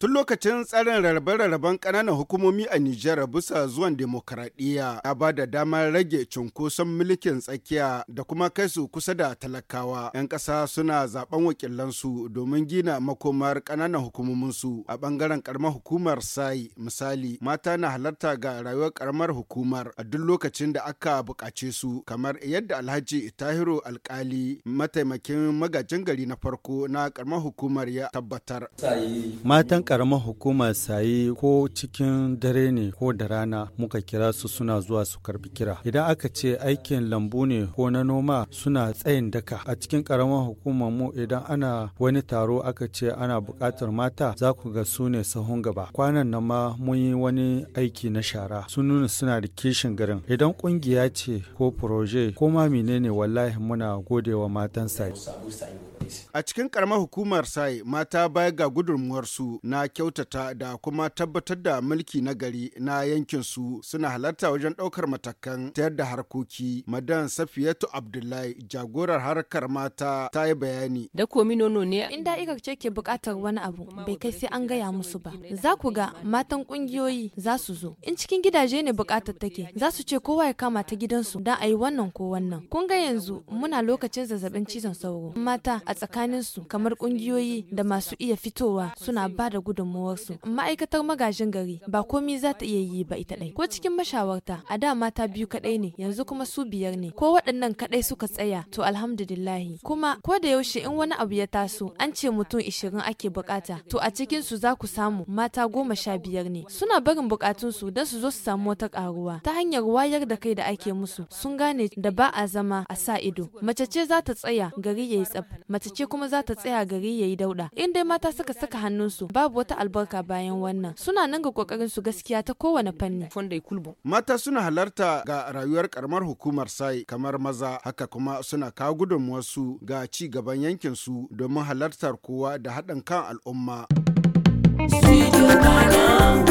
Tun lokacin tsarin rarrabe-rarraben ƙananan hukumomi a Nijar bisa zuwan demokaradiyya ya ba da damar rage cunkoson mulkin tsakiya da kuma kai su kusa da talakawa. 'Yan ƙasa suna zaben wakilansu domin gina makomar ƙananan hukumominsu a bangaren ƙaramar hukumar sai misali mata na halarta ga rayuwar ƙaramar hukumar a duk lokacin da aka buƙace su kamar yadda Alhaji Tahiru Alkali mataimakin magajin gari na farko na ƙaramar hukumar ya tabbatar. Matan karamar hukumar sayi ko cikin dare ne ko da rana muka kira su suna zuwa su karbi kira idan aka ce aikin lambu ne ko na noma suna tsayin daka a cikin karamar hukumar mu idan ana wani taro aka ce ana bukatar mata za ku ga su ne sahun gaba kwanan nan ma mun yi wani aiki na shara sun nuna suna da kishin garin idan kungiya ce ko proje ko ma menene wallahi muna godewa matan sayi A cikin karamar hukumar sai mata baya ga gudunmuwarsu na kyautata da kuma tabbatar da mulki na gari na yankinsu suna halarta wajen ɗaukar matakan ta yadda harkoki. Madan Safiyatu Abdullahi jagorar harkar mata ta yi bayani. Da komi nono ne. In da'irar ce ke bukatar wani abu bai kai sai an gaya musu ba. Za ku ga matan ƙungiyoyi za su zo. In cikin gidaje ne buƙatar take za su ce kowa ya kama ta gidansu don a yi wannan ko wannan. Kun ga yanzu muna lokacin zazzabin cizon sauro. Mata a tsakaninsu kamar kungiyoyi da masu iya fitowa suna ba da gudunmuwarsu. Ma'aikatar magajin gari ba komi za ta iya yi ba ita ɗai. Ko cikin mashawarta a da mata biyu kaɗai ne yanzu kuma su biyar ne. Ko waɗannan kaɗai suka tsaya to alhamdulillahi. Kuma ko da yaushe in wani abu ya taso an ce mutum ishirin ake bukata to a cikin su za ku samu mata goma sha biyar ne. Suna barin bukatunsu don su zo su samu wata ƙaruwa ta hanyar wayar da kai da ake musu sun gane da ba a zama a sa ido. Mace ce za ta tsaya gari yayi yi tsaf. Mace ce kuma za ta tsaya gari ya yi dauda in dai mata suka saka hannunsu babu wata albarka bayan wannan suna nan ga kokarin su gaskiya ta kowane fanni mata suna halarta ga rayuwar karamar hukumar sai kamar maza haka kuma suna kawo gudunmuwar su ga ci gaban yankin su domin halartar kowa da haɗin kan al'umma Studio Banana.